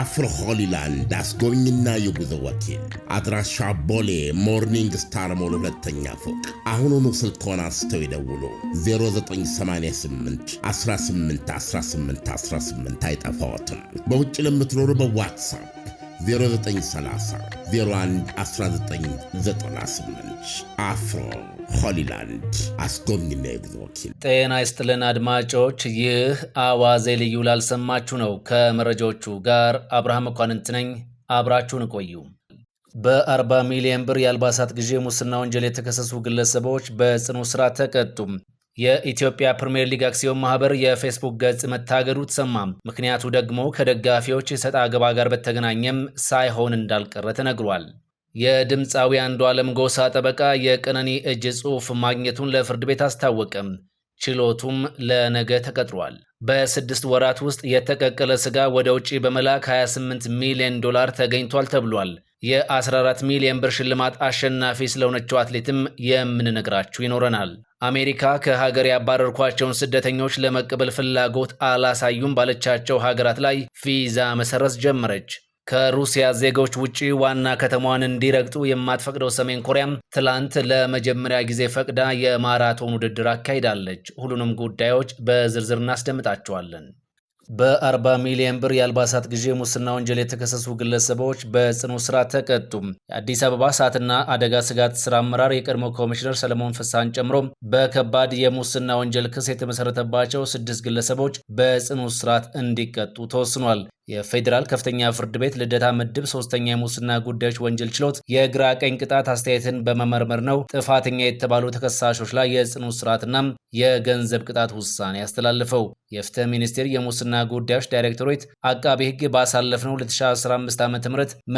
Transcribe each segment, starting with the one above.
አፍሮ ሆሊላንድ አስጎብኝና የጉዞ ወኪል አድራሻ ቦሌ ሞርኒንግ ስታር ሞል ሁለተኛ ፎቅ። አሁኑኑ ስልክዎን አንስተው ይደውሉ 0988 18 18 18 አይጠፋዎትም። በውጭ ለምትኖሩ በዋትሳፕ አፍሮ ሆሊላንድ አስጎብኝና የጉዞ ወኪል። ጤና ይስጥልን አድማጮች፣ ይህ አዋዜ ልዩ ላልሰማችሁ ነው። ከመረጃዎቹ ጋር አብርሃም መኳንንት ነኝ። አብራችሁን ቆዩ። በ40 ሚሊዮን ብር የአልባሳት ግዢ ሙስና ወንጀል የተከሰሱ ግለሰቦች በጽኑ ስራ ተቀጡ። የኢትዮጵያ ፕሪምየር ሊግ አክሲዮን ማህበር የፌስቡክ ገጽ መታገዱ ተሰማ። ምክንያቱ ደግሞ ከደጋፊዎች ሰጣ ገባ ጋር በተገናኘም ሳይሆን እንዳልቀረ ተነግሯል። የድምፃዊ ዓለም ጎሳ ጠበቃ የቀነኒ እጅ ጽሑፍ ማግኘቱን ለፍርድ ቤት አስታወቀም። ችሎቱም ለነገ ተቀጥሯል። በስድስት ወራት ውስጥ የተቀቀለ ስጋ ወደ ውጭ በመላክ 28 ሚሊዮን ዶላር ተገኝቷል ተብሏል። የ14 ሚሊዮን ብር ሽልማት አሸናፊ ስለሆነችው አትሌትም የምንነግራችሁ ይኖረናል። አሜሪካ ከሀገር ያባረርኳቸውን ስደተኞች ለመቀበል ፍላጎት አላሳዩም ባለቻቸው ሀገራት ላይ ቪዛ መሰረዝ ጀመረች። ከሩሲያ ዜጎች ውጪ ዋና ከተማዋን እንዲረግጡ የማትፈቅደው ሰሜን ኮሪያም ትላንት ለመጀመሪያ ጊዜ ፈቅዳ የማራቶን ውድድር አካሂዳለች። ሁሉንም ጉዳዮች በዝርዝር እናስደምጣቸዋለን። በ40 ሚሊዮን ብር የአልባሳት ግዢ ሙስና ወንጀል የተከሰሱ ግለሰቦች በጽኑ እስራት ተቀጡ። የአዲስ አበባ እሳትና አደጋ ስጋት ስራ አመራር የቀድሞ ኮሚሽነር ሰለሞን ፍሳን ጨምሮ በከባድ የሙስና ወንጀል ክስ የተመሰረተባቸው ስድስት ግለሰቦች በጽኑ እስራት እንዲቀጡ ተወስኗል። የፌዴራል ከፍተኛ ፍርድ ቤት ልደታ ምድብ ሶስተኛ የሙስና ጉዳዮች ወንጀል ችሎት የግራ ቀኝ ቅጣት አስተያየትን በመመርመር ነው ጥፋተኛ የተባሉ ተከሳሾች ላይ የጽኑ እስራትና የገንዘብ ቅጣት ውሳኔ ያስተላልፈው። የፍትህ ሚኒስቴር የሙስና ጉዳዮች ዳይሬክቶሬት አቃቤ ሕግ ባሳለፍነው 2015 ዓ ም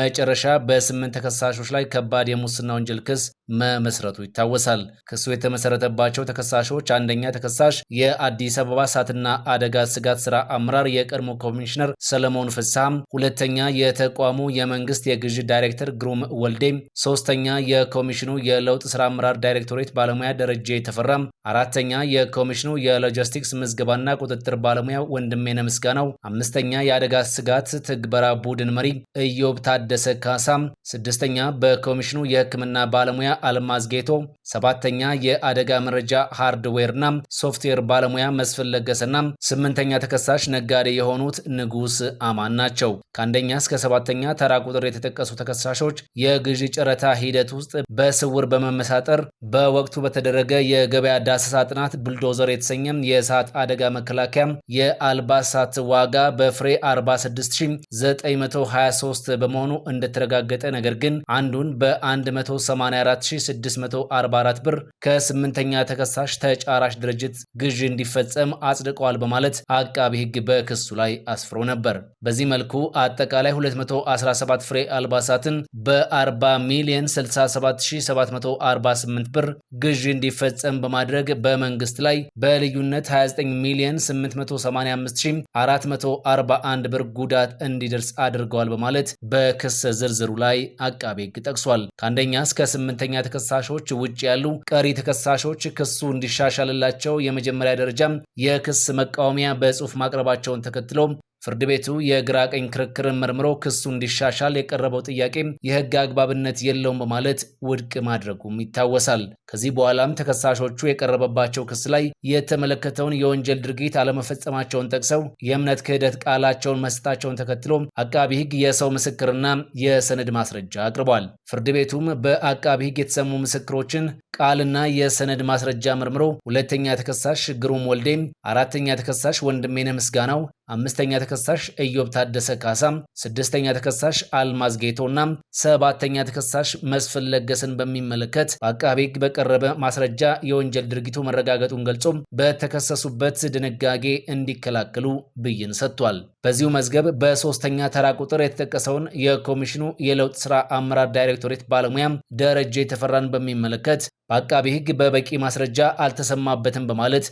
መጨረሻ በስምንት ተከሳሾች ላይ ከባድ የሙስና ወንጀል ክስ መመስረቱ ይታወሳል። ክሱ የተመሰረተባቸው ተከሳሾች አንደኛ ተከሳሽ የአዲስ አበባ እሳትና አደጋ ስጋት ስራ አመራር የቀድሞ ኮሚሽነር ሰለሞን ሰለሞን ፍሳም፣ ሁለተኛ የተቋሙ የመንግስት የግዥ ዳይሬክተር ግሩም ወልዴ፣ ሶስተኛ የኮሚሽኑ የለውጥ ስራ አመራር ዳይሬክቶሬት ባለሙያ ደረጀ የተፈራ፣ አራተኛ የኮሚሽኑ የሎጂስቲክስ ምዝገባና ቁጥጥር ባለሙያ ወንድሜነ ምስጋናው፣ አምስተኛ የአደጋ ስጋት ትግበራ ቡድን መሪ እዮብ ታደሰ ካሳ፣ ስድስተኛ በኮሚሽኑ የህክምና ባለሙያ አልማዝ ጌቶ፣ ሰባተኛ የአደጋ መረጃ ሃርድዌርና ሶፍትዌር ባለሙያ መስፍን ለገሰና ስምንተኛ ተከሳሽ ነጋዴ የሆኑት ንጉስ አማን ናቸው። ከአንደኛ እስከ ሰባተኛ ተራ ቁጥር የተጠቀሱ ተከሳሾች የግዢ ጨረታ ሂደት ውስጥ በስውር በመመሳጠር በወቅቱ በተደረገ የገበያ ዳሰሳ ጥናት ብልዶዘር የተሰኘም የእሳት አደጋ መከላከያ የአልባሳት ዋጋ በፍሬ 46923 በመሆኑ እንደተረጋገጠ ነገር ግን አንዱን በ184644 ብር ከስምንተኛ ተከሳሽ ተጫራሽ ድርጅት ግዢ እንዲፈጸም አጽድቀዋል በማለት አቃቢ ሕግ በክሱ ላይ አስፍሮ ነበር። በዚህ መልኩ አጠቃላይ 217 ፍሬ አልባሳትን በ40 ሚሊዮን 67748 ብር ግዢ እንዲፈጸም በማድረግ በመንግስት ላይ በልዩነት 29 ሚሊዮን 885441 ብር ጉዳት እንዲደርስ አድርገዋል በማለት በክስ ዝርዝሩ ላይ አቃቤ ሕግ ጠቅሷል። ከአንደኛ እስከ ስምንተኛ ተከሳሾች ውጭ ያሉ ቀሪ ተከሳሾች ክሱ እንዲሻሻልላቸው የመጀመሪያ ደረጃም የክስ መቃወሚያ በጽሑፍ ማቅረባቸውን ተከትሎ ፍርድ ቤቱ የግራ ቀኝ ክርክርን መርምሮ ክሱ እንዲሻሻል የቀረበው ጥያቄ የህግ አግባብነት የለውም በማለት ውድቅ ማድረጉም ይታወሳል። ከዚህ በኋላም ተከሳሾቹ የቀረበባቸው ክስ ላይ የተመለከተውን የወንጀል ድርጊት አለመፈጸማቸውን ጠቅሰው የእምነት ክህደት ቃላቸውን መስጠታቸውን ተከትሎ አቃቢ ህግ የሰው ምስክርና የሰነድ ማስረጃ አቅርቧል። ፍርድ ቤቱም በአቃቢ ህግ የተሰሙ ምስክሮችን ቃልና የሰነድ ማስረጃ መርምሮ ሁለተኛ ተከሳሽ ግሩም ወልዴም አራተኛ ተከሳሽ ወንድሜነ ምስጋናው አምስተኛ ተከሳሽ ኢዮብ ታደሰ ካሳ፣ ስድስተኛ ተከሳሽ አልማዝ ጌቶና ሰባተኛ ተከሳሽ መስፍን ለገሰን በሚመለከት በአቃቤ ሕግ በቀረበ ማስረጃ የወንጀል ድርጊቱ መረጋገጡን ገልጾ በተከሰሱበት ድንጋጌ እንዲከላከሉ ብይን ሰጥቷል። በዚሁ መዝገብ በሶስተኛ ተራ ቁጥር የተጠቀሰውን የኮሚሽኑ የለውጥ ስራ አመራር ዳይሬክቶሬት ባለሙያ ደረጀ የተፈራን በሚመለከት በአቃቤ ሕግ በበቂ ማስረጃ አልተሰማበትም በማለት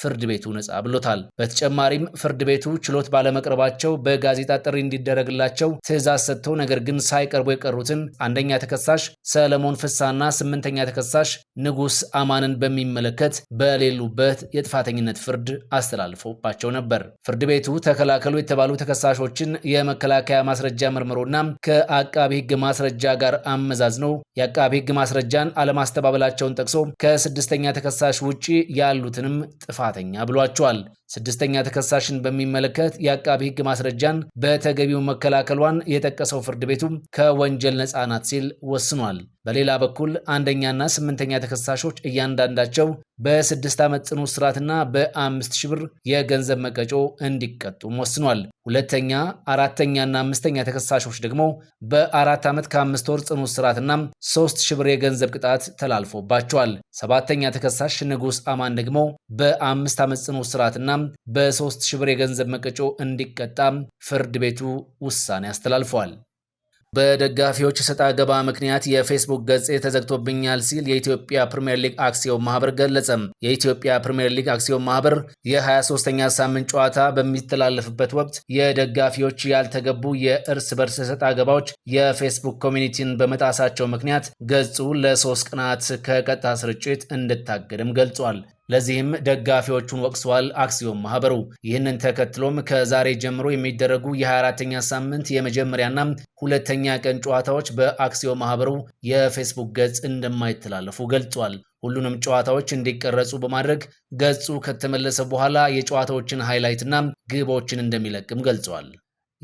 ፍርድ ቤቱ ነጻ ብሎታል። በተጨማሪም ፍርድ ቤቱ ችሎት ባለመቅረባቸው በጋዜጣ ጥሪ እንዲደረግላቸው ትዕዛዝ ሰጥቶ ነገር ግን ሳይቀርቡ የቀሩትን አንደኛ ተከሳሽ ሰለሞን ፍሳና ስምንተኛ ተከሳሽ ንጉስ አማንን በሚመለከት በሌሉበት የጥፋተኝነት ፍርድ አስተላልፎባቸው ነበር። ፍርድ ቤቱ ተከላከሉ የተባሉ ተከሳሾችን የመከላከያ ማስረጃ መርምሮና ከአቃቢ ህግ ማስረጃ ጋር አመዛዝነው የአቃቢ ህግ ማስረጃን አለማስተባበላቸውን ጠቅሶ ከስድስተኛ ተከሳሽ ውጪ ያሉትንም ጥፋ ጥፋተኛ ብሏቸዋል። ስድስተኛ ተከሳሽን በሚመለከት የአቃቢ ሕግ ማስረጃን በተገቢው መከላከሏን የጠቀሰው ፍርድ ቤቱም ከወንጀል ነጻ ናት ሲል ወስኗል። በሌላ በኩል አንደኛና ስምንተኛ ተከሳሾች እያንዳንዳቸው በስድስት ዓመት ጽኑ እስራትና በአምስት ሺህ ብር የገንዘብ መቀጮ እንዲቀጡም ወስኗል። ሁለተኛ፣ አራተኛና አምስተኛ ተከሳሾች ደግሞ በአራት ዓመት ከአምስት ወር ጽኑ እስራትና ሶስት ሺህ ብር የገንዘብ ቅጣት ተላልፎባቸዋል። ሰባተኛ ተከሳሽ ንጉስ አማን ደግሞ በአምስት ዓመት ጽኑ እስራትና በሶስት ሺህ ብር የገንዘብ መቀጮ እንዲቀጣ ፍርድ ቤቱ ውሳኔ አስተላልፏል። በደጋፊዎች ሰጣ ገባ ምክንያት የፌስቡክ ገጽ ተዘግቶብኛል ሲል የኢትዮጵያ ፕሪምየር ሊግ አክሲዮን ማህበር ገለጸም። የኢትዮጵያ ፕሪምየር ሊግ አክሲዮን ማህበር የ23ኛ ሳምንት ጨዋታ በሚተላለፍበት ወቅት የደጋፊዎች ያልተገቡ የእርስ በርስ ሰጣ ገባዎች የፌስቡክ ኮሚኒቲን በመጣሳቸው ምክንያት ገጹ ለሶስት ቀናት ከቀጥታ ስርጭት እንድታገድም ገልጿል። ለዚህም ደጋፊዎቹን ወቅሰዋል። አክሲዮን ማህበሩ ይህንን ተከትሎም ከዛሬ ጀምሮ የሚደረጉ የ24ኛ ሳምንት የመጀመሪያና ሁለተኛ ቀን ጨዋታዎች በአክሲዮን ማህበሩ የፌስቡክ ገጽ እንደማይተላለፉ ገልጿል። ሁሉንም ጨዋታዎች እንዲቀረጹ በማድረግ ገጹ ከተመለሰ በኋላ የጨዋታዎችን ሃይላይትና ግቦችን እንደሚለቅም ገልጿል።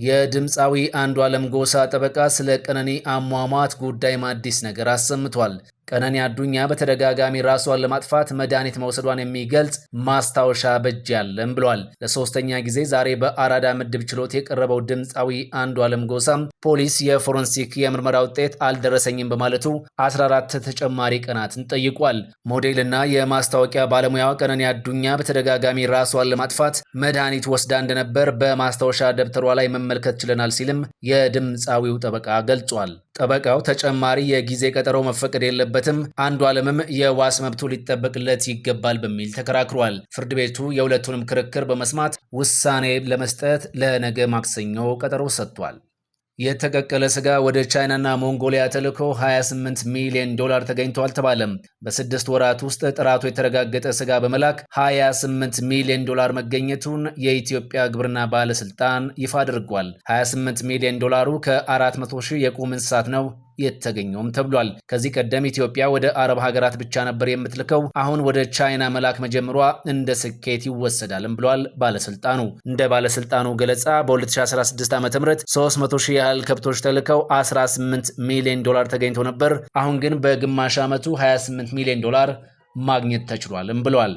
የድምፃዊ አንዱ ዓለም ጎሳ ጠበቃ ስለ ቀነኒ አሟሟት ጉዳይም አዲስ ነገር አሰምቷል። ቀነኒ አዱኛ በተደጋጋሚ ራሷን ለማጥፋት መድኃኒት መውሰዷን የሚገልጽ ማስታወሻ በጅ ያለም ብሏል። ለሶስተኛ ጊዜ ዛሬ በአራዳ ምድብ ችሎት የቀረበው ድምፃዊ አንዱ አለም ጎሳም ፖሊስ የፎረንሲክ የምርመራ ውጤት አልደረሰኝም በማለቱ 14 ተጨማሪ ቀናትን ጠይቋል። ሞዴልና የማስታወቂያ ባለሙያዋ ቀነኒ አዱኛ በተደጋጋሚ ራሷን ለማጥፋት መድኃኒት ወስዳ እንደነበር በማስታወሻ ደብተሯ ላይ መመልከት ችለናል ሲልም የድምፃዊው ጠበቃ ገልጿል። ጠበቃው ተጨማሪ የጊዜ ቀጠሮ መፈቀድ የለበት የለበትም፣ አንዱ ዓለምም የዋስ መብቱ ሊጠበቅለት ይገባል በሚል ተከራክሯል። ፍርድ ቤቱ የሁለቱንም ክርክር በመስማት ውሳኔ ለመስጠት ለነገ ማክሰኞ ቀጠሮ ሰጥቷል። የተቀቀለ ስጋ ወደ ቻይናና ሞንጎሊያ ተልኮ 28 ሚሊዮን ዶላር ተገኝቶ አልተባለም። በስድስት ወራት ውስጥ ጥራቱ የተረጋገጠ ስጋ በመላክ 28 ሚሊዮን ዶላር መገኘቱን የኢትዮጵያ ግብርና ባለስልጣን ይፋ አድርጓል። 28 ሚሊዮን ዶላሩ ከ400 ሺህ የቁም እንስሳት ነው የተገኘውም ተብሏል። ከዚህ ቀደም ኢትዮጵያ ወደ አረብ ሀገራት ብቻ ነበር የምትልከው። አሁን ወደ ቻይና መላክ መጀመሯ እንደ ስኬት ይወሰዳልም ብሏል ባለስልጣኑ። እንደ ባለስልጣኑ ገለጻ በ2016 ዓ ም 300 ሺህ ያህል ከብቶች ተልከው 18 ሚሊዮን ዶላር ተገኝቶ ነበር። አሁን ግን በግማሽ ዓመቱ 28 ሚሊዮን ዶላር ማግኘት ተችሏልም ብሏል።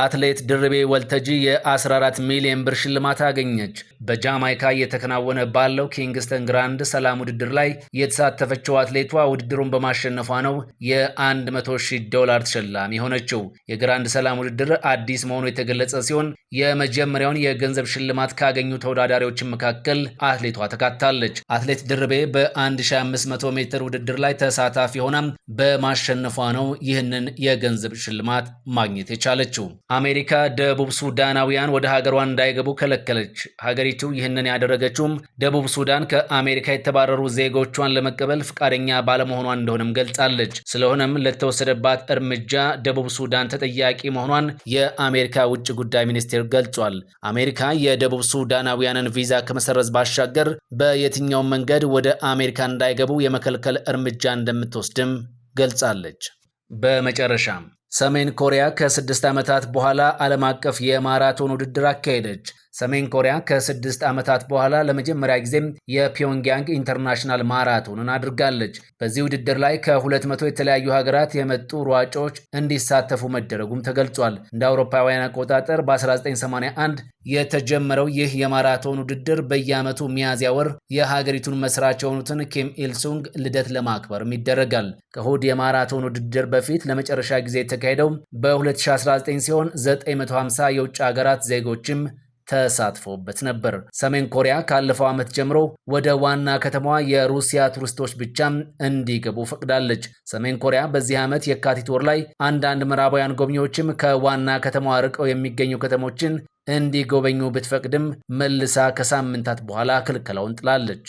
አትሌት ድርቤ ወልተጂ የ14 ሚሊዮን ብር ሽልማት አገኘች። በጃማይካ እየተከናወነ ባለው ኪንግስተን ግራንድ ሰላም ውድድር ላይ የተሳተፈችው አትሌቷ ውድድሩን በማሸነፏ ነው የ100,000 ዶላር ተሸላሚ የሆነችው። የግራንድ ሰላም ውድድር አዲስ መሆኑ የተገለጸ ሲሆን የመጀመሪያውን የገንዘብ ሽልማት ካገኙ ተወዳዳሪዎች መካከል አትሌቷ ተካታለች። አትሌት ድርቤ በ1500 ሜትር ውድድር ላይ ተሳታፊ ሆናም በማሸነፏ ነው ይህንን የገንዘብ ሽልማት ማግኘት የቻለችው። አሜሪካ ደቡብ ሱዳናውያን ወደ ሀገሯ እንዳይገቡ ከለከለች። ሀገሪቱ ይህንን ያደረገችውም ደቡብ ሱዳን ከአሜሪካ የተባረሩ ዜጎቿን ለመቀበል ፈቃደኛ ባለመሆኗ እንደሆነም ገልጻለች። ስለሆነም ለተወሰደባት እርምጃ ደቡብ ሱዳን ተጠያቂ መሆኗን የአሜሪካ ውጭ ጉዳይ ሚኒስቴር ገልጿል። አሜሪካ የደቡብ ሱዳናውያንን ቪዛ ከመሰረዝ ባሻገር በየትኛውም መንገድ ወደ አሜሪካ እንዳይገቡ የመከልከል እርምጃ እንደምትወስድም ገልጻለች። በመጨረሻም ሰሜን ኮሪያ ከስድስት ዓመታት በኋላ ዓለም አቀፍ የማራቶን ውድድር አካሄደች። ሰሜን ኮሪያ ከስድስት ዓመታት በኋላ ለመጀመሪያ ጊዜም የፒዮንግያንግ ኢንተርናሽናል ማራቶንን አድርጋለች። በዚህ ውድድር ላይ ከሁለት መቶ የተለያዩ ሀገራት የመጡ ሯጮች እንዲሳተፉ መደረጉም ተገልጿል። እንደ አውሮፓውያን አቆጣጠር በ1981 የተጀመረው ይህ የማራቶን ውድድር በየዓመቱ ሚያዝያ ወር የሀገሪቱን መስራች የሆኑትን ኪም ኢልሱንግ ልደት ለማክበርም ይደረጋል። ከእሁድ የማራቶን ውድድር በፊት ለመጨረሻ ጊዜ የተካሄደው በ2019 ሲሆን 950 የውጭ ሀገራት ዜጎችም ተሳትፎበት ነበር። ሰሜን ኮሪያ ካለፈው ዓመት ጀምሮ ወደ ዋና ከተማዋ የሩሲያ ቱሪስቶች ብቻም እንዲገቡ ፈቅዳለች። ሰሜን ኮሪያ በዚህ ዓመት የካቲት ወር ላይ አንዳንድ ምዕራባውያን ጎብኚዎችም ከዋና ከተማዋ ርቀው የሚገኙ ከተሞችን እንዲጎበኙ ብትፈቅድም መልሳ ከሳምንታት በኋላ ክልከላውን ጥላለች።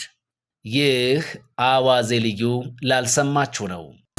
ይህ አዋዜ ልዩ ላልሰማችሁ ነው።